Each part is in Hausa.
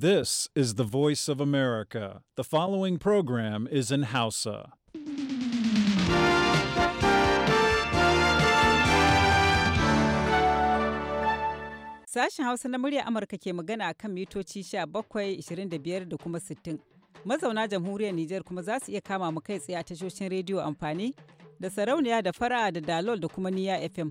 This is the voice of America. The following program is in Hausa. Sashen Hausa na murya Amurka ke magana akan mitoci 17, 25 da kuma 60. Mazauna jamhuriyar Nijar kuma za su iya kama mu kai tsaye a tashoshin rediyo amfani da sarauniya da fara da dalol da kuma niya FM.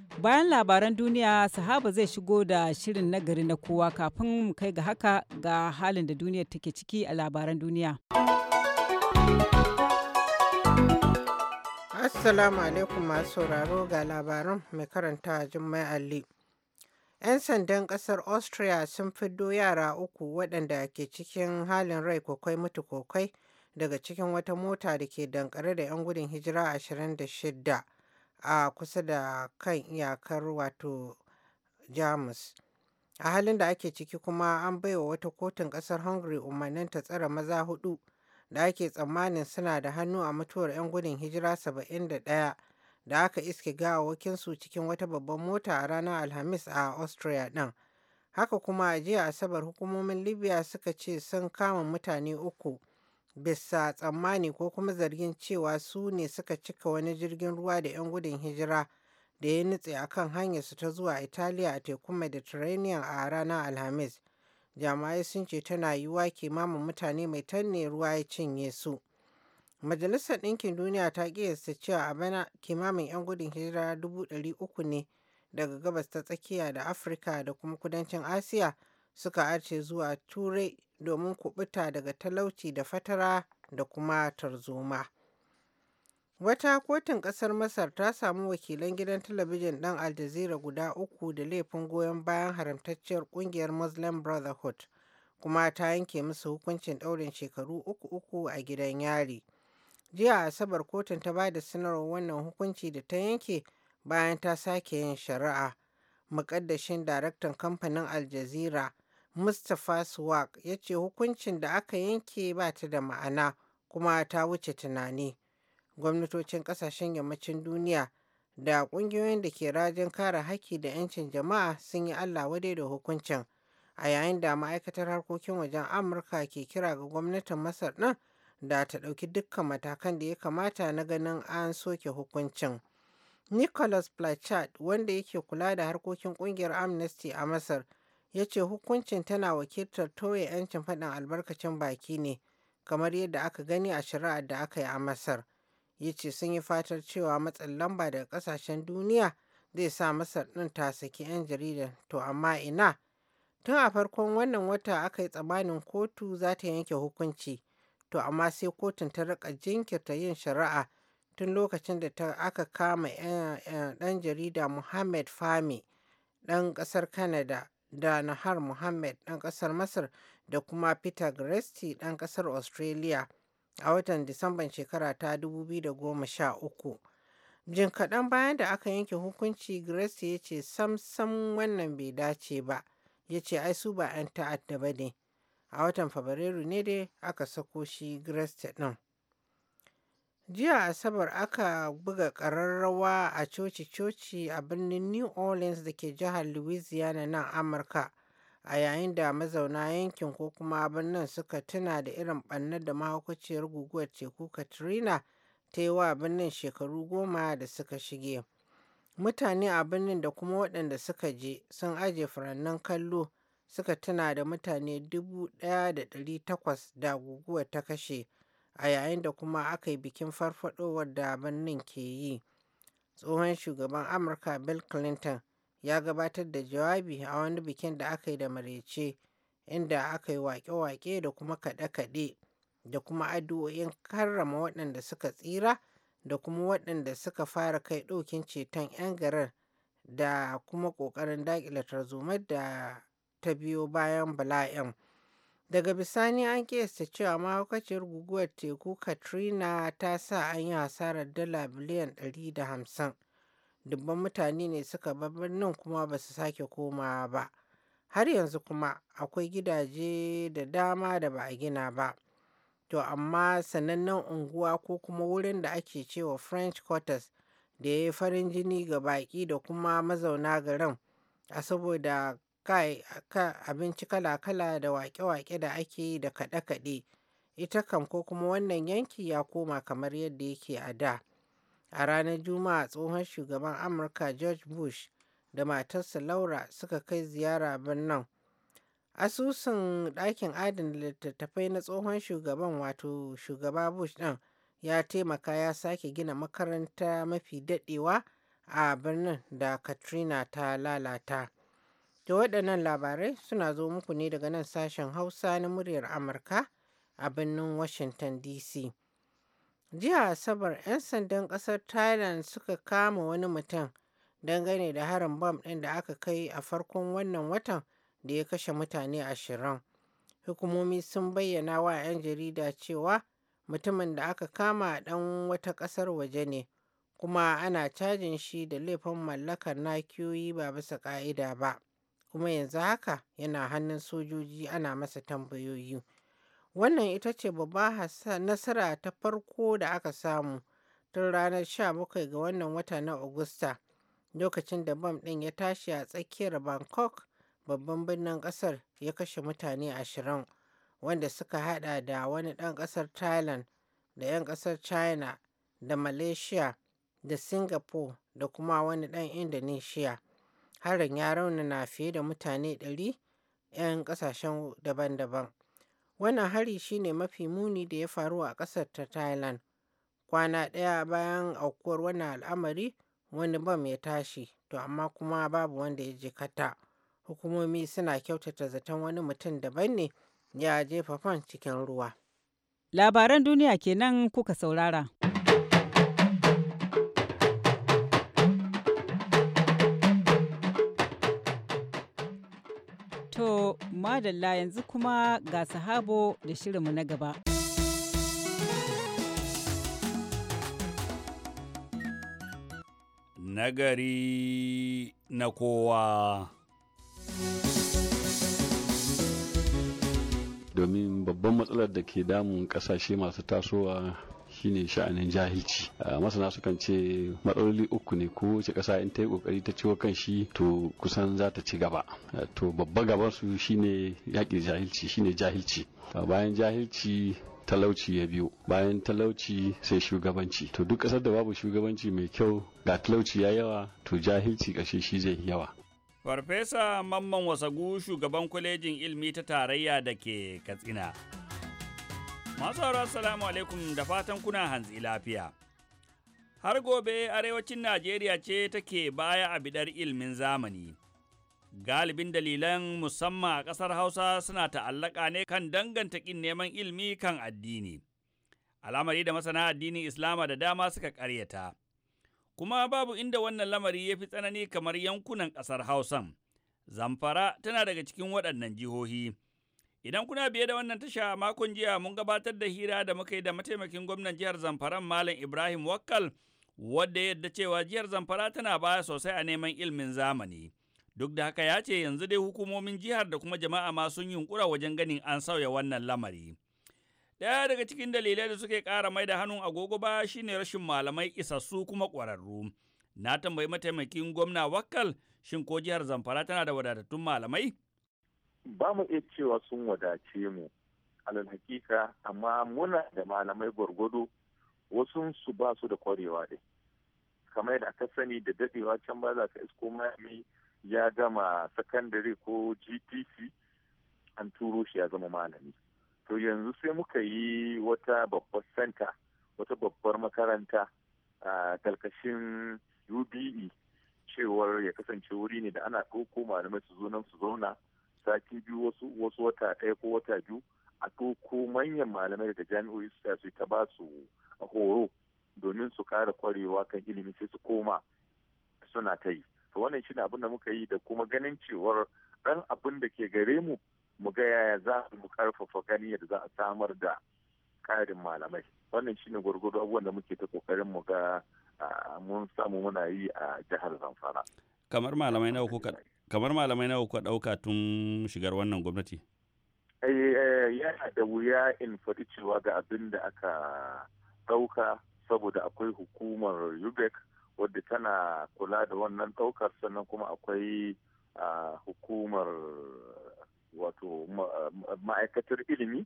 Bayan labaran duniya, sahaba zai shigo da shirin nagari na kowa kafin mu kai ga haka ga halin da duniya take ciki a labaran duniya. Assalamu alaikum masu sauraro ga labaran mai karanta Jummai Ali. 'Yan sandan ƙasar Austria sun fiddo yara uku waɗanda ke cikin halin rai kokai mutu kokai daga cikin wata mota da ke dankare da 'yan gudun hijira 26. a kusa da kan iyakar wato Jamus. A halin da ake ciki kuma an baiwa wata kotun ƙasar Hungary umarnin ta tsare maza hudu da ake tsammanin suna da hannu a mutuwar 'yan gudun hijira 71 da aka iske gawawakinsu cikin wata babban mota a ranar Alhamis a Austria ɗin. Haka kuma a jiya Asabar hukumomin Libya suka ce sun kama mutane uku bisa tsammani ko kuma zargin cewa su ne suka cika wani jirgin ruwa da 'yan gudun hijira da ya nutse a kan hanyarsu ta zuwa Italiya a tekun Mediterranean a ranar Alhamis. Jama'ai sun ce tana yiwuwa kimamin mutane mai tanne ruwa ya cinye su. Majalisar Ɗinkin Duniya ta ƙiyasta cewa a bana kimamin 'yan gudun hijira dubu ɗari uku ne daga gabas ta tsakiya da Afirka da kuma kudancin Asiya suka arce zuwa Turai domin kuɓuta daga talauci da fatara da kuma tarzoma. Wata kotun ƙasar Masar ta samu wakilan gidan talabijin ɗan Al guda uku da laifin goyon bayan haramtacciyar ƙungiyar Muslim Brotherhood, kuma ta yanke musu hukuncin ɗaurin shekaru uku uku a gidan yari. Jiya Asabar kotun ta ba da sanarwar wannan hukunci da ta yanke bayan ta sake yin shari'a. mukaddashin daraktan kamfanin Al Mustapha Swag ya ce hukuncin da aka yanke ba ta da ma'ana kuma ta wuce tunani. Gwamnatocin ƙasashen yammacin duniya da ƙungiyoyin da ke rajin kare haƙƙi da 'yancin jama'a sun yi Allah wadai da hukuncin. A yayin da ma'aikatar harkokin wajen Amurka ke kira ga gwamnatin Masar ɗin da ta ɗauki dukkan matakan da ya kamata na ganin an soke hukuncin. Nicholas Plachat wanda yake kula da harkokin ƙungiyar Amnesty a Masar ya ce hukuncin tana wakiltar toye 'yancin faɗin albarkacin baki ne kamar yadda aka gani a shari'ar da aka yi a masar ya ce sun yi fatar cewa matsin lamba daga ƙasashen duniya zai sa masar ɗin ta saki 'yan jarida to amma ina tun a farkon wannan wata aka yi tsamanin kotu za ta yanke hukunci to amma sai kotun ta rika jinkirta yin shari'a tun lokacin da ta aka kama eh, ɗan jarida Muhammad Fami ɗan ƙasar kanada. da Nahar Mohammed ɗan ƙasar Masar da kuma Peter gresti ɗan ƙasar Australia a watan Disamban shekara ta 2013. Jin kaɗan bayan da aka yanke hukunci Greste ya ce sam sam wannan bai dace ba, ya ce ai su ba 'yan ta'adda ba ne. A watan Fabrairu ne dai aka sako shi Greste ɗin. Jiya Asabar aka buga ƙararrawa a coci-coci a birnin New Orleans da ke jihar Louisiana nan Amurka, a yayin da mazauna yankin ko kuma birnin suka tuna da irin ɓannar da mahaukaciyar guguwar teku Katrina ta yi wa birnin shekaru goma da suka shige. Mutane a birnin da kuma waɗanda suka je sun aje furannin kallo suka tuna da mutane dubu ɗaya da ɗari takwas da guguwar ta kashe. a yayin da kuma aka yi bikin farfadowar da birnin ke yi. Tsohon shugaban Amurka Bill Clinton ya gabatar da jawabi a wani bikin da aka yi da marece inda aka yi wake-wake da kuma kaɗe-kaɗe da kuma addu'o'in karrama waɗanda suka tsira da kuma waɗanda suka fara kai ɗaukin ceton 'yan garar da kuma ƙoƙarin daƙile tarzoma da ta biyo bayan bala'in. Daga bisani an kiyasta cewa mahaukaciyar guguwar teku Katrina ta sa an yi hasarar dala biliyan 150. Dubban mutane ne suka bar birnin kuma ba su sake komawa ba. Har yanzu kuma akwai gidaje da dama da ba a gina ba. To amma sanannen unguwa ko kuma wurin da ake cewa French Quarters da ya yi farin jini ga baki da kuma mazauna garin a saboda kan abinci kala-kala da waƙe-waƙe da ake yi da kaɗe-kaɗe. Ita kam ko kuma wannan yanki ya koma kamar yadda yake a da. A ranar Juma'a tsohon shugaban Amurka George Bush da matarsa Laura suka kai ziyara birnin. Asusun ɗakin adana littattafai na tsohon shugaban wato shugaba Bush ɗin ya taimaka ya sake gina makaranta mafi daɗewa a birnin da Katrina ta lalata. Da waɗannan labarai suna zo muku ne daga nan sashen Hausa na muryar Amurka a birnin Washington DC. Jiya Asabar 'yan sandan ƙasar Thailand suka kama wani mutum dangane da harin bom ɗin da aka kai a farkon wannan watan da ya kashe mutane ashirin. Hukumomi sun bayyana wa 'yan jarida cewa mutumin da aka kama ɗan wata ƙasar waje ne, kuma ana cajin shi da laifin mallakar nakiyoyi ba bisa ƙa'ida ba. kuma yanzu haka yana hannun sojoji ana masa tambayoyi. Wannan ita ce babbar nasara ta farko da aka samu tun ranar 17 ga wannan wata na Agusta, lokacin da bam ɗin ya tashi a tsakiyar Bangkok, babban birnin ƙasar ya kashe mutane ashirin, wanda suka hada da wani ɗan ƙasar Thailand da 'yan ƙasar China da Malaysia da Singapore da kuma wani ɗan Indonesia. Harin ya na fiye da mutane 100 'yan ƙasashen daban-daban. Wannan hari shi ne mafi muni da ya faru a ƙasar ta Thailand. Kwana ɗaya bayan aukuwar wannan al'amari, wani bam ya tashi, to amma kuma babu wanda ya jikata. Hukumomi suna kyautata zaton wani mutum daban ne ya jefa fan cikin ruwa. Labaran duniya kenan kuka saurara. madalla yanzu kuma ga sahabo da shirinmu na gaba. Nagari na kowa. Domin babban matsalar da ke damun ƙasashe masu tasowa shine sha'anin jahilci masana sukan ce matsaloli uku ne ko wace kasa in ta yi kokari ta ciwo kan shi to kusan za ta ci gaba to babba gaban su shine yaƙi jahilci shine jahilci bayan jahilci talauci ya biyo bayan talauci sai shugabanci to duk ƙasar da babu shugabanci mai kyau ga talauci ya yawa to jahilci ƙashe shi zai yawa farfesa mamman wasagu shugaban kwalejin ilmi ta tarayya da ke katsina Masu haura salamu alaikum da fatan kuna hantsi lafiya. Har gobe arewacin Najeriya ce take baya a bidar ilmin zamani. Galibin dalilan musamman a ƙasar Hausa suna ta'allaka ne kan danganta ƙin neman ilmi kan addini. Alamari da masana addinin Islama da dama suka ƙaryata. Kuma babu inda wannan lamari ya fi tsanani kamar yankunan ƙasar Hausan. Zamfara tana daga cikin waɗannan jihohi. Idan kuna biye da wannan tasha makon jiya mun gabatar da hira da muka yi da mataimakin gwamnan jihar Zamfara Malam Ibrahim Wakkal wadda yadda cewa jihar Zamfara tana baya sosai a neman ilimin zamani. Duk da haka ya ce yanzu dai hukumomin jihar da kuma jama'a ma sun yunkura wajen ganin an sauya wannan lamari. Ɗaya daga cikin dalilai da suke ƙara mai da hannun agogo ba shine rashin malamai isassu kuma ƙwararru. Na tambayi mataimakin gwamna Wakkal shin ko jihar Zamfara tana da wadatattun malamai? ba mu iya cewa sun wadace mu alal hakika amma muna da malamai gwargwado wasu su ba su da kwarewa dai kamar yadda aka sani da dadewa can ba za ka isko mami ya gama sakandare ko gtc an turo shi ya zama malami to yanzu sai muka yi wata babbar santa wata babbar makaranta a kalkashin ube cewar ya kasance wuri ne da ana ɗauko malamai su zo nan su zauna sati biyu wasu wasu wata ɗaya ko wata biyu a ko manyan malamai daga jami'o'i su ta ta ba su horo domin su kara kwarewa kan ilimi sai su koma suna ta yi to wannan shine abin da muka yi da kuma ganin cewar ɗan abin da ke gare mu mu ga yaya za mu karfafa gani yadda za a samar da karin malamai wannan shine gwargwado abubuwan da muke ta kokarin mu ga mun samu muna yi a jihar zamfara kamar malamai nawa kuka kamar malamai nawa kuka ɗauka tun shigar wannan gwamnati eh, eh, yana da wuya in faɗi cewa ga abin da aka ɗauka saboda akwai hukumar ubec wadda tana kula da wannan ɗaukar sannan kuma akwai hukumar wato ma'aikatar ilimi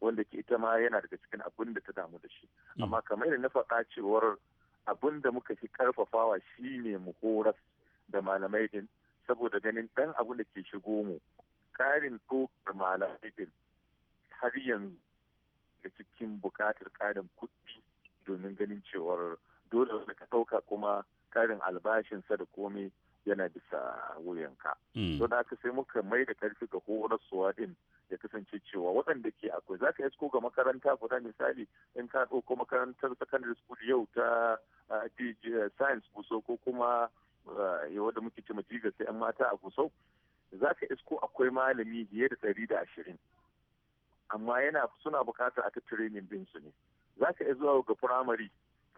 wanda ke ita ma yana daga cikin abin da ta damu da shi mm. amma kamar yadda na faɗa cewar abin da muka fi karfafawa shine mu horas da malamai din saboda ganin ɗan abu da ke shigo mu karin ɗaukar malamai din har yanzu da cikin buƙatar karin kuɗi domin ganin cewar dole wanda ka ɗauka kuma ƙarin albashinsa da komai yana bisa wuyanka. Mm. Don haka sai muka mai da ƙarfi ga horaswa ɗin ya kasance cewa waɗanda ke akwai za ka isko ga makaranta guda misali in ka ɗauko makarantar secondary school yau ta ah, eh, science ko kuma wadda muke ce majiga sai yan mata a gusau za ka isko akwai malami biye da ɗari da ashirin amma yana suna buƙatar aka training din su ne za ka zuwa ga firamare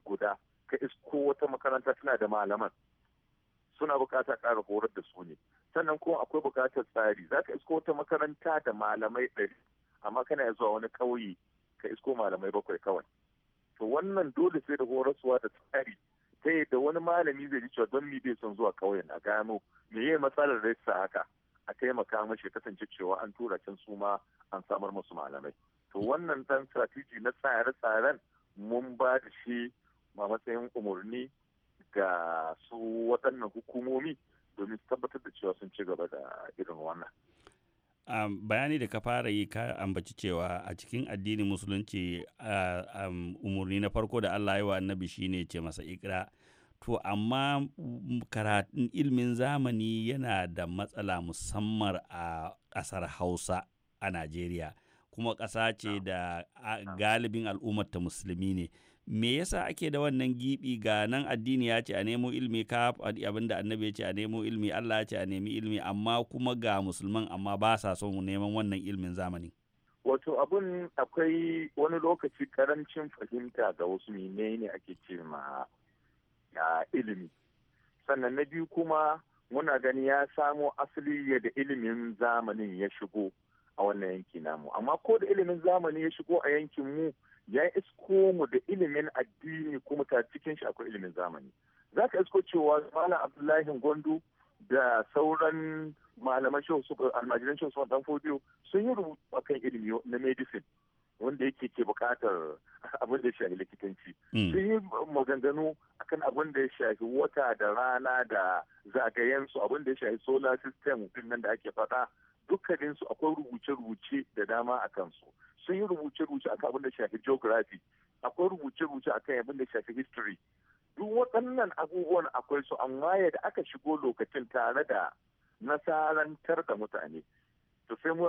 guda ka isko wata makaranta tana da malaman suna buƙatar ƙara horar da su ne sannan kuma akwai buƙatar tsari za ka isko wata makaranta da malamai ɗari amma kana zuwa wani ƙauye ka isko malamai bakwai kawai to wannan dole sai da horaswa da tsari ta da wani malami zai ji cewa don mi bai son zuwa ƙauyen a gano me yi matsalar da haka a taimaka mashi kasance cewa an tura can suma an samar musu malamai to wannan dan strategy na tsare-tsaren mun ba da shi a matsayin umarni ga su waɗannan hukumomi domin tabbatar da cewa sun ci gaba da irin wannan Um, bayani da ka fara yi ka ambaci cewa a cikin addinin musulunci uh, um, umarni na farko da Allah ya wa annabi shine ce masa ikra to amma karatun ilmin zamani yana da matsala musamman a ƙasar hausa a najeriya kuma ƙasa ce da galibin al'ummar ta musulmi ne me yasa ake da wannan gibi ga nan addini ya ce a nemo ilmi ka abin da annabi ya ce a nemo ilmi Allah ya ce a nemi ilmi amma kuma ga musulman amma ba sa son neman wannan ilmin zamani wato abun akwai wani lokaci karancin fahimta ga wasu menene ake ce ma ilimi sannan na biyu kuma muna gani ya samo asali da ilimin zamanin ya shigo a wannan yanki namu amma ko da ilimin zamani ya shigo a yankin mu ya isko mu da ilimin addini kuma ta cikin shi akwai ilimin zamani za ka isko cewa malam abdullahi gwandu da sauran malaman shehu su almajiran shehu su dan sun yi rubutu akan ilimi na medicine wanda yake ke bukatar abin da ya shafi likitanci hmm. sun yi maganganu akan abin da ya shafi wata da rana da zagayensu abin da ya shafi solar system din nan da ake faɗa dukkaninsu akwai rubuce-rubuce da dama a kansu sun yi rubuce-rubuce akan abin da shafi geography akwai rubuce-rubuce akan abin da shafi history duk waɗannan abubuwan akwai su amma yadda aka shigo lokacin tare da nasarantar da mutane to sai mu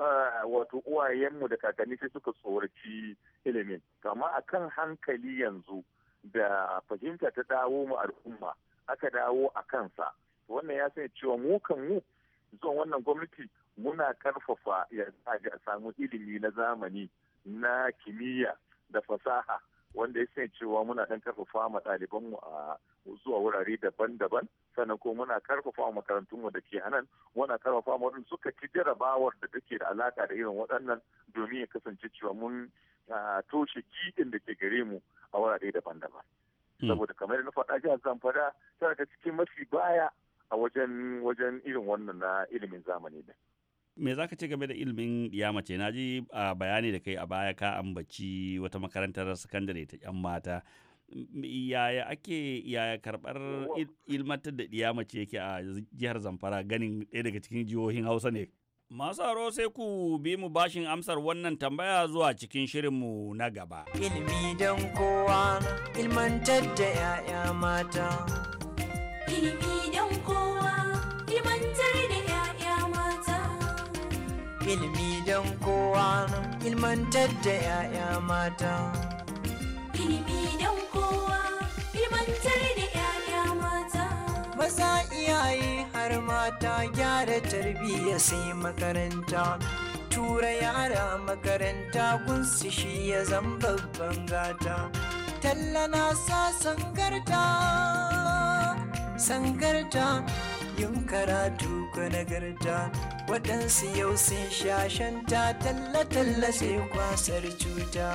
wato uwayenmu da kakanni sai suka tsoraci ilimin kama akan hankali yanzu da fahimta ta dawo mu al'umma aka dawo a kansa wannan ya sanya cewa mu kan mu zuwan wannan gwamnati muna karfafa ya a samu ilimi na zamani na kimiyya da fasaha wanda ya sanya cewa muna ɗan karfafa ma ɗalibanmu a zuwa wurare daban-daban sannan ko muna karfafa wa makarantunmu da ke nan muna karfafa ma waɗanda suka ci jarabawar da take da alaka da irin waɗannan domin ya kasance cewa mun toshe gidin da ke gare mu a wurare daban-daban. Hmm. Saboda kamar na faɗa jihar Zamfara tana ta cikin mafi baya a wajen irin wannan na ilimin zamani ne. me za ka ce game da ilimin mace na ji a bayani da kai a baya ka ambaci wata makarantar sakandare ta yan mata yaya ake yaya karbar ilmantar da ɗiya mace yake a jihar zamfara ganin ɗaya daga cikin jihohin hausa ne masu haro sai ku bi mu bashin amsar wannan tambaya zuwa cikin shirinmu na gaba ilimi don kowa ilmantar da 'ya'ya mata ilimi ilmantar da 'ya'ya mata. Ilimi don kowa ilmantar da 'ya'ya mata. Maza iyaye har mata gyara tarbiyya sai makaranta. Tura yara makaranta gunsu shi ya zan babban gata. Talla na sa sangarta, sangarta yin karatu ka nagarta. waɗansu yau sun shashanta talla-talla sai kwasar cuta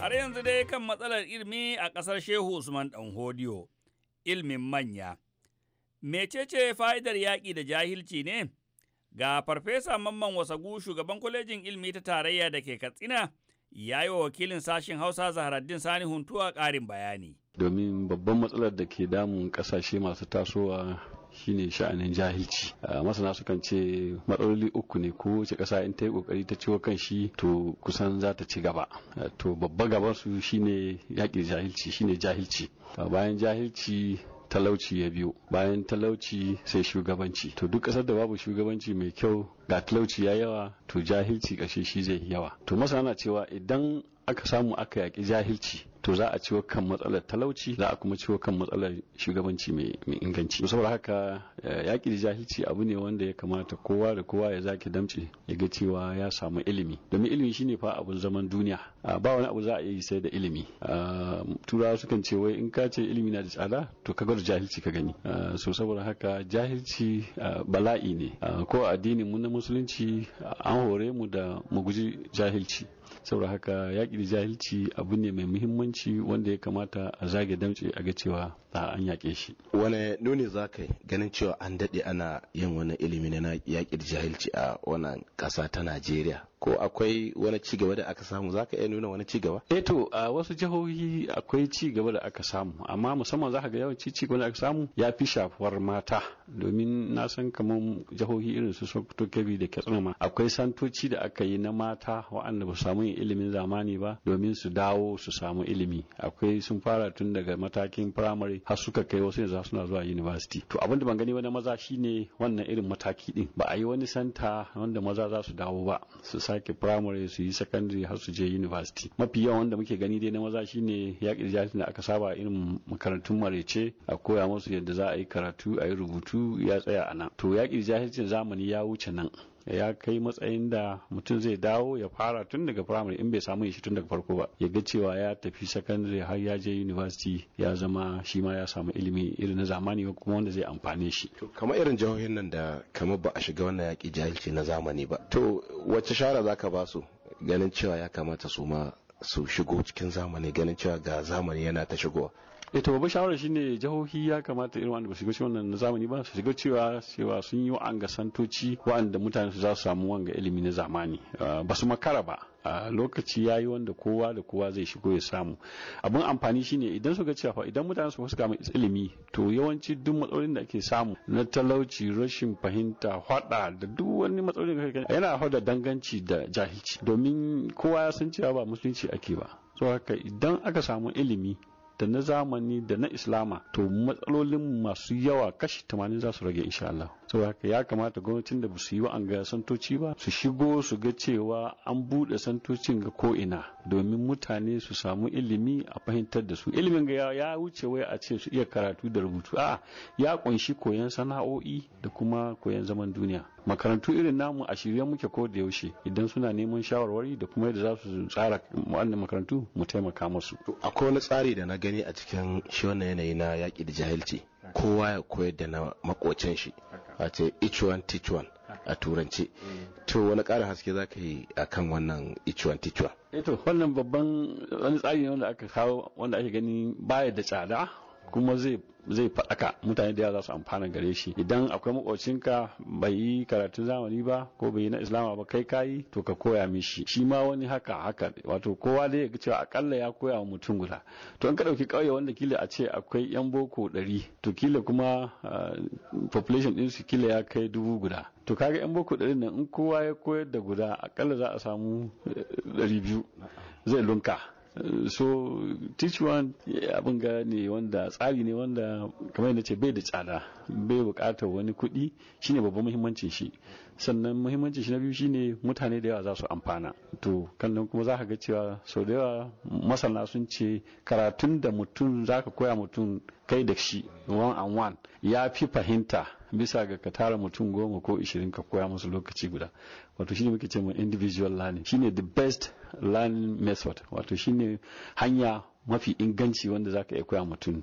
Har yanzu dai kan matsalar ilmi a ƙasar Shehu Usman Ɗanhodiyo, ilmin manya. Mecece fa'idar yaƙi da jahilci ne? Ga Farfesa Mamman Wasagu shugaban kwalejin ilmi ta tarayya da ke Katsina, ya yi wa wakilin sashen hausa zaharaddin sani huntuwa karin bayani domin babban matsalar da ke damun ƙasashe masu tasowa shine sha'anin jahilci masana sukan ce matsaloli uku ne ko wace ƙasa in ta yi ƙoƙari ta ciwo kan shi to kusan za ta ci gaba to babba gabansu su shine yaƙi jahilci shine jahilci bayan jahilci talauci ya biyo bayan talauci sai shugabanci to duk ƙasar da babu shugabanci mai kyau ga talauci ya yawa to jahilci ƙashe shi zai yawa to masana cewa idan aka samu aka yaƙi jahilci to za a ciwo kan matsalar talauci za a kuma ciwo kan matsalar shugabanci mai inganci saboda haka eh, yaƙi da jahilci abu ne wanda ya kamata kowa da kowa ya zaki damci. ya ga cewa ya samu ilimi domin ilimi shine fa abun zaman duniya ah, ba wani abu za a yi sai da ilimi ah, turawa sukan ce wai in ka ce ilimi na da tsada to ka gwada jahilci ka gani ah, so saboda haka jahilci bala'i ne ko addinin mu na musulunci an hore mu da mu guji jahilci saboda haka yaƙi da jahilci abu ne mai muhimmanci ta'addanci wanda ya kamata a zage damce a ga cewa ba an yaƙe shi wani nuni za ka ganin cewa an daɗe ana yin wani ilimi na yaƙi jahilci a wannan ƙasa ta najeriya ko akwai wani ci gaba da aka samu zaka iya nuna wani ci gaba eh to a wasu jihohi akwai ci gaba da aka samu amma musamman zaka ga yawanci ci gaba da aka samu ya fi shafuwar mata domin na san kamar jihohi irin su Sokoto Kebbi da Katsina ma akwai santoci da aka yi na mata waɗanda ba su samu yin ilimin zamani ba domin su dawo su samu ilimi akwai sun fara tun daga matakin primary har suka kai wasu yanzu suna zuwa university to abin da ban gani wani maza shine wannan irin mataki din ba a yi wani santa wanda maza za su dawo ba su sake primary su yi secondary har su je university mafi yawan wanda muke gani dai na maza shine ya kirja da aka saba irin makarantun marece a koya musu yadda za a yi karatu a yi rubutu ya tsaya a nan to ya kirja zamani ya wuce nan ya kai matsayin da mutum zai dawo ya fara tun daga firamare in bai samu ya shi tun daga farko ba ya ga cewa ya tafi sakandare har ya je university ya zama shi ma ya samu ilimi irin na zamani kuma wanda zai amfane shi to kamar irin jihohin nan da kamar ba a shiga wannan yaki jahilci na zamani ba to wacce shara zaka ba su ganin cewa ya kamata su ma su shigo cikin zamani ganin cewa ga zamani yana ta shigowa e to babban shawara shine jihohi ya kamata irin wanda ba su shiga wannan na zamani ba su shiga cewa cewa sun yi wa'anga santoci wa'anda mutane su za su samu wanga ilimi na zamani ah, ba su makara ba a ah, lokaci yayi wanda kowa da kowa zai shigo ya samu abin amfani shine idan su ga cewa fa idan mutane su fuska mai ilimi to yawanci duk matsalolin da ake samu na talauci rashin fahimta hada da duk wani matsalolin da kake yana da danganci da jahilci domin kowa ya san cewa ba musulunci ake ba so haka idan aka samu ilimi da na zamani da na islama to matsalolin masu yawa kashi 80 za su rage insha Allah saboda ya kamata gwamnatin da su yi ga santoci ba su shigo su ga cewa an buɗe santocin ga ko'ina domin mutane su samu ilimi a fahimtar da su ilimin ga ya wuce wai a ce su iya karatu da rubutu a ya kunshi koyon sana'o'i da kuma koyon zaman duniya makarantu irin namu a shirye muke ko da yaushe idan suna neman shawarwari da kuma yadda za su tsara wannan makarantu mu taimaka musu akwai wani tsari da na gani a cikin shi wannan yanayi na yaƙi da jahilci kowa ya koyar da na makocin shi a ce each one teach one a turanci to wani ƙarin haske za ka yi a kan wannan each one teach one eh wannan babban wani tsari ne wanda aka kawo wanda ake gani baya da tsada kuma zai zai faɗaka mutane da yawa za su amfana gare shi idan akwai ka bai yi karatun zamani ba ko bai yi na islama ba kai kayi to ka koya mishi shi ma wani haka haka wato kowa dai ya cewa akalla ya koya wa mutum guda to in ka ɗauki ƙauye wanda kila a ce akwai yan boko ɗari to kila kuma ah, population din su kila ya kai dubu guda to kaga yan boko ɗari nan in kowa ya koyar da guda akalla za a samu eh, ɗari biyu zai lunka so teach one abin ga ne wanda tsari ne wanda kamar yadda ce bai da tsada bai bukatar wani kuɗi shine babban muhimmancin shi sannan muhimmancin shi na biyu shine mutane da yawa za su amfana to kan kuma za ka ga cewa sau da yawa masana sun ce karatun da mutum za ka koya mutum kai da shi one on one ya fi fahimta bisa ga ka tara mutum goma ko ishirin ka koya musu lokaci guda wato shine muke ce individual learning shine the best learning method wato shine hanya mafi inganci wanda zaka iya koya mutum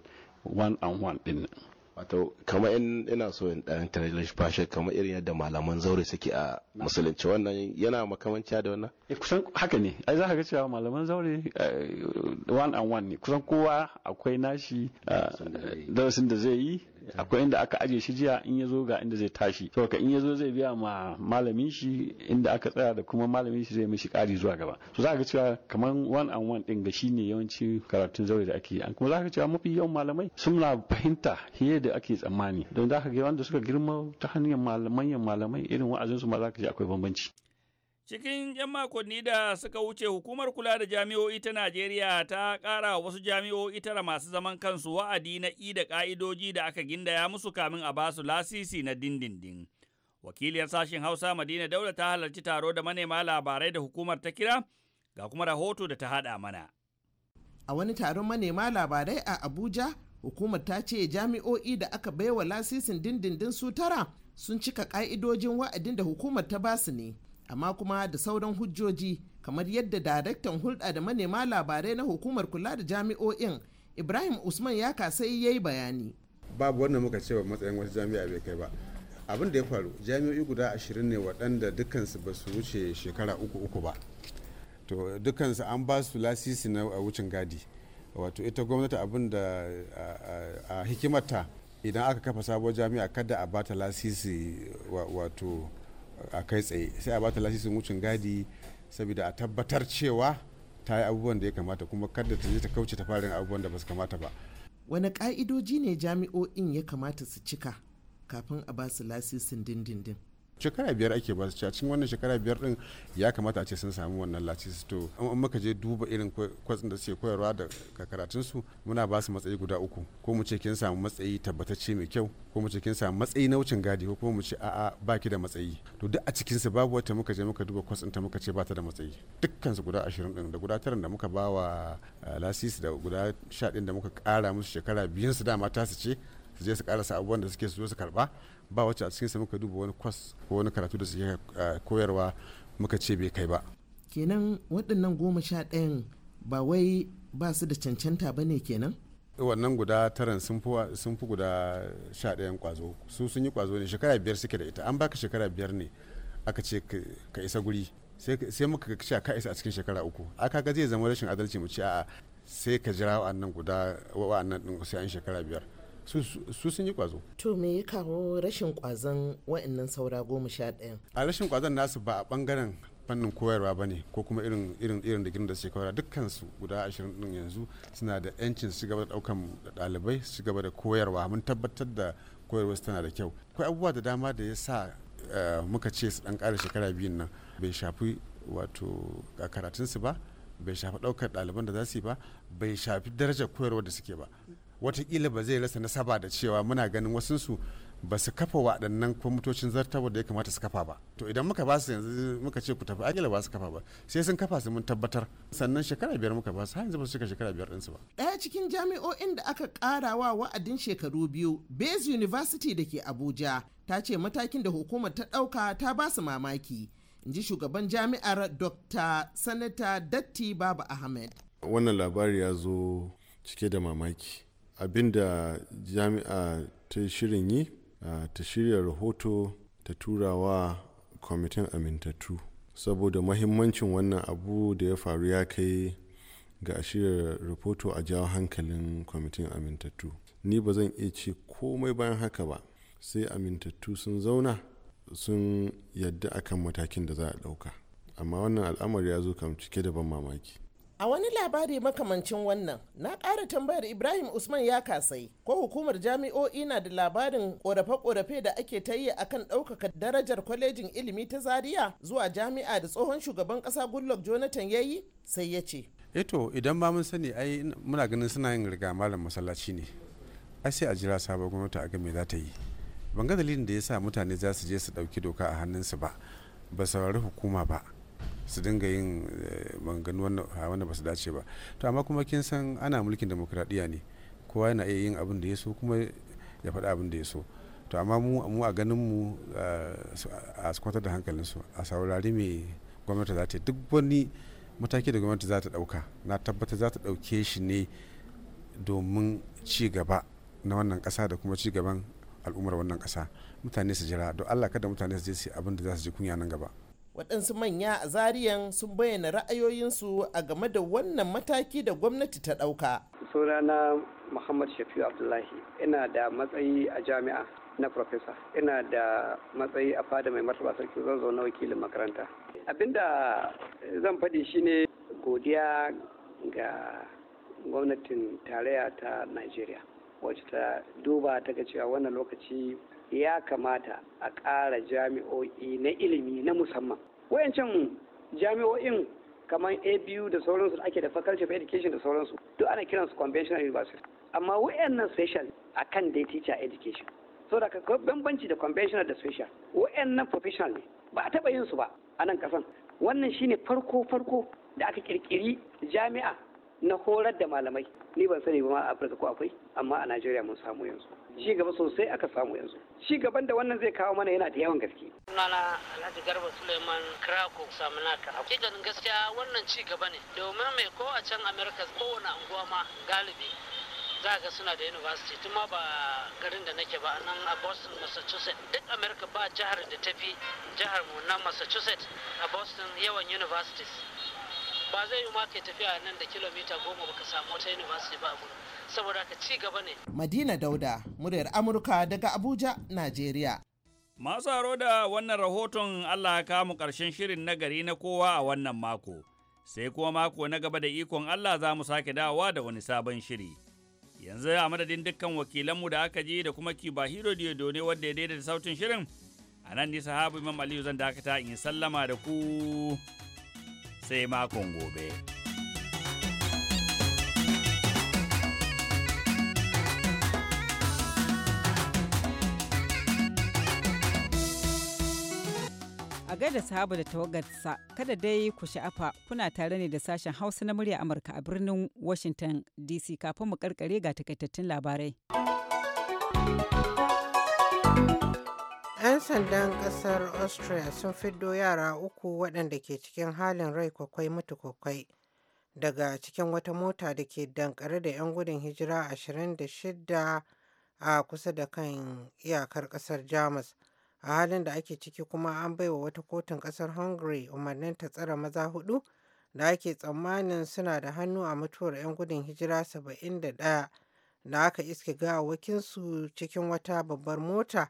one on one din wato kama in ina so in dan tarihi fashe kama irin yadda malaman zaure suke a musulunci wannan yana makamanciya da wannan eh, kusan haka ne ai za ga cewa malaman zaure eh, one on one ne kusan kowa akwai nashi eh, darasin da zai yi akwai inda aka ajiye shi jiya in ya zo ga inda zai tashi to ka in ya zo zai biya ma malamin shi inda aka tsaya da kuma malamin shi zai mishi ƙari zuwa gaba so za ka cewa kamar one on one din ga shi ne yawanci karatun zaure da ake an kuma za ka cewa mafi yawan malamai suna fahimta fiye da ake tsammani don za ka ga wanda suka girma ta hanyar malamai malamai irin wa'azinsu ma za ka ji akwai bambanci Cikin 'yan makonni da suka wuce hukumar kula da jami'o'i ta Najeriya ta ƙara wasu jami'o'i tara masu zaman kansu wa'adi na i da ƙa'idoji da aka gindaya musu kamin a basu lasisi na dindindin. Wakiliyar sashen Hausa Madina Daula ta halarci taro da manema labarai da hukumar ta kira ga kuma rahoto da ta haɗa mana. A wani taron manema labarai a Abuja, hukumar ta ce jami'o'i da aka baiwa lasisin dindindin su tara sun cika ƙa'idojin wa'adin da hukumar ta basu ne. amma kuma da sauran hujjoji kamar yadda daraktan hulɗa da manema labarai na hukumar kula da jami'o'in ibrahim usman ya kasai ya yi bayani babu wannan muka cewa matsayin wata jami'a bai kai ba abin da ya faru jami'o'i guda ashirin ne waɗanda dukansu ba su wuce shekara uku uku ba to dukansu an ba su lasisi na wucin gadi wato ita gwamnati abin da a hikimarta idan aka kafa sabuwar jami'a kada a bata lasisi wato a kai tsaye sai a bata lasisin wucin gadi saboda a tabbatar cewa ta yi abubuwan da ya kamata kuma kada ta je ta kauce ta farin abubuwan da ba su kamata ba wani ka'idoji ne jami'o'in ya kamata su cika kafin a ba su lasisin dindindin shekara biyar ake ba su cikin wannan shekara biyar din ya kamata a ce sun samu wannan lacis to in muka je duba irin kwatsin da suke koyarwa da karatun su muna ba su matsayi guda uku ko mu ce kin samu matsayi tabbatacce mai kyau ko mu ce kin samu matsayi na wucin gadi ko kuma mu ce a'a baki da matsayi to duk a cikin su babu wata muka je muka duba kwatsin ta muka ce ba ta da matsayi dukkan su guda 20 din da guda 9 da muka ba wa eh, lasisi da guda 10 da muka kara musu shekara biyun su dama ta su ce su je su karasa abubuwan da suke su zo su karba ba wacce a cikinsa muka duba wani kwas ko wani karatu da suke eh, koyarwa muka ce bai kai ba kenan waɗannan goma sha ɗayan ba wai ba su da cancanta ba ne kenan wannan guda taran sun fi guda sha ɗayan kwazo su sun yi kwazo ne shekara biyar suke da ita an baka shekara biyar ne aka ce ka isa guri sai muka ce ka isa a cikin shekara uku aka ga zai zama rashin adalci mu ce a'a sai ka jira wa'annan guda wa'annan ɗin sai an shekara biyar su sun yi kwazo. To me ya kawo rashin kwazon wa'annan saura goma sha ɗaya? A rashin kwazon nasu ba a ɓangaren fannin koyarwa ba ne ko kuma irin irin irin da girin da suke kawara dukkan su guda ashirin din yanzu suna da yancin su gaba da ɗaukan ɗalibai su gaba da koyarwa mun tabbatar da koyarwa tana da kyau. Akwai abubuwa da dama da ya sa eh, muka ce su ɗan ƙara shekara biyun nan bai shafi wato karatunsu ba bai shafi ɗaukar ɗaliban da za su yi ba bai shafi darajar koyarwa da suke ba watakila ba zai rasa nasaba da cewa muna ganin wasunsu ba su kafa waɗannan kwamitocin zartarwa da ya kamata su kafa ba to idan muka ba su yanzu muka ce ku tafi akila ba su kafa ba sai sun kafa su mun tabbatar sannan shekara biyar muka ba su har yanzu ba su cika shekara biyar ɗinsu ba ɗaya cikin jami'o'in da aka ƙara wa wa'adin shekaru biyu base University da ke Abuja ta ce matakin da hukumar ta ɗauka ta ba su mamaki in ji shugaban jami'ar Dr. Sanata Datti Baba Ahmed wannan labari ya zo cike da mamaki abinda jami'a ta shirin yi ta shirya rahoto ta tura wa kwamitin amintattu saboda mahimmancin wannan abu da ya faru ya kai ga a shirya rahoto a jawo hankalin kwamitin amintattu ni ba zan iya ce komai bayan haka ba sai amintattu sun zauna sun yadda akan matakin da za a ɗauka amma wannan al'amari ya zo kam cike da ban mamaki A wani labari makamancin wannan, na ƙara tambayar Ibrahim Usman ya kasai, ko hukumar jami'o'i na da labarin ƙorafe-ƙorafe da ake ta yi akan ɗaukaka darajar kwalejin ilimi ta Zaria zuwa jami'a da tsohon shugaban ƙasa Goodluck Jonathan ya yi, sai ya ce. Eto eh idan ma mun sani ai muna ganin suna yin riga malam masallaci ne. Ai sai a jira sabon gwamnati a ga me za ta yi. Ban ga dalilin da ya sa mutane za su je su ɗauki doka a hannunsu ba, ba saurari hukuma ba. su dinga yin eh, maganganu wanda ba su dace ba to amma kuma kin san ana mulkin demokuraɗiyya ne kowa yana iya yin abin da ya so kuma ya faɗi abin da ya so to amma mu a ganin mu eh, a kwatar da hankalin su a saurari mai gwamnati za ta duk wani mataki da gwamnati za ta ɗauka na tabbata za ta ɗauke shi ne domin ci gaba na wannan ƙasa da kuma ci gaban al'ummar wannan ƙasa mutane su jira don allah kada mutane su je su abin da za su ji kunya nan gaba waɗansu manya a zariyan sun bayyana ra'ayoyinsu a game da wannan mataki da gwamnati ta ɗauka. sunana muhammad shafi abdullahi ina da matsayi a jami'a na profesa ina da matsayi a fada mai martaba sarki zan na wakilin makaranta abinda zan faɗi shine godiya ga gwamnatin tarayya ta nigeria wacce ta duba ta ga cewa wannan lokaci ya kamata a ƙara jami'o'i na ilimi na musamman wayancan jami'o'in kamar abu da sauransu da ake da faculty of education da sauransu duk ana kiransu conventional university amma wayannan special a akan dai teacher education so da bambanci da conventional da special wayannan professional ne ba a taɓa yin su ba a nan kasan wannan shine farko farko da aka ƙirƙiri jami'a na horar da malamai ni ban sani ba ma a afirka ko akwai amma a najeriya mun samu yanzu ci gaba sosai aka samu yanzu ci gaban da wannan zai kawo mana yana da yawan gaske sunana alhaji garba suleiman krako samunaka ganin gaskiya wannan ci gaba ne domin mai ko a can america kowane anguwa ma galibi za ga suna da university tun ma ba garin da nake ba nan a boston massachusetts duk america ba jihar da tafi jihar mu na massachusetts a boston yawan universities ba zai yi ma ke tafiya nan da kilomita goma baka samu wata university ba a gudu saboda ka ci gaba ne. Madina Dauda, muryar Amurka daga Abuja, Najeriya. Masu haro da wannan rahoton Allah ya kamu ƙarshen shirin na gari na kowa a wannan mako. Sai kuma mako na gaba da ikon Allah za mu sake dawowa da wani sabon shiri. Yanzu a madadin dukkan wakilanmu da aka je da kuma kiba hiro Kibahiro ne wanda ya daidaita sautin shirin. A nan ni sahabu Imam Aliyu zan dakata in sallama da ku sai makon gobe. a gaida sahaba da tawagarsa kada dai ku sha'afa kuna tare ne da sashen hausa na murya amurka a birnin washington dc kafin mu karkare ga takaitattun labarai yan sandan kasar austria sun fiddo yara uku waɗanda ke cikin halin rai kwakwai mutu kwakwai daga cikin wata mota da ke dankare da 'yan gudun hijira 26 a kusa da kan iyakar kasar jamus a halin da ake ciki kuma an baiwa wata kotun kasar hungary umarnin ta tsare maza hudu da ake tsammanin suna da hannu a mutuwar 'yan gudun hijira 71 da aka iske wakinsu cikin wata babbar mota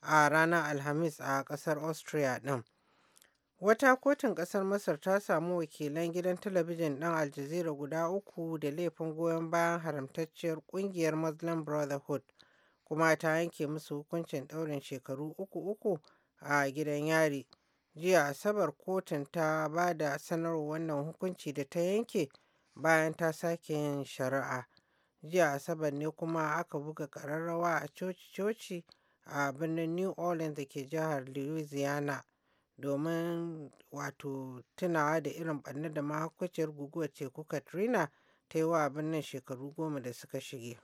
a ranar alhamis a kasar austria din wata kotun kasar masar ta samu wakilan gidan talabijin ɗan aljazeera guda uku da laifin goyon bayan haramtacciyar kungiyar muslim brotherhood kuma ta yanke musu hukuncin ɗaurin shekaru uku uku a gidan yari. Jiya Asabar kotun ta ba da sanarwar wannan hukunci da ta yanke bayan ta sake yin shari'a. Jiya Asabar ne kuma aka buga ƙararrawa a coci-coci a birnin New Orleans da ke jihar Louisiana domin wato tunawa da irin ɓarnar da mahaukaciyar guguwar teku Katrina ta yi wa birnin shekaru goma da suka shige.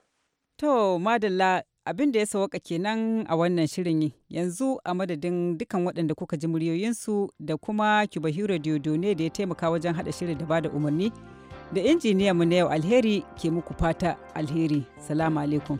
To, madalla abin da ya sawaka kenan a wannan shirin yanzu a madadin dukan waɗanda kuka ji muryoyinsu da kuma Kibahiro ne da ya taimaka wajen haɗa shirin da bada umarni da mu na yau alheri ke muku fata alheri. Salamu alaikum.